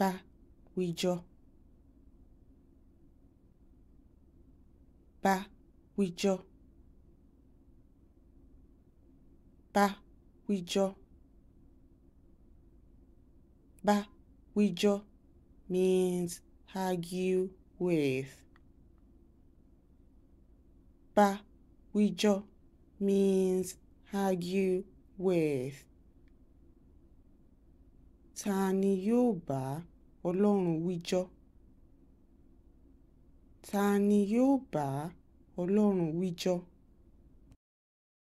ta wíjọ ta wíjọ ta wíjọ ta wíjọ means argue with ta wíjọ means argue with. ta ni yóò bá ọlọ́run wíjọ́ ta ni yóò bá ọlọ́run wíjọ́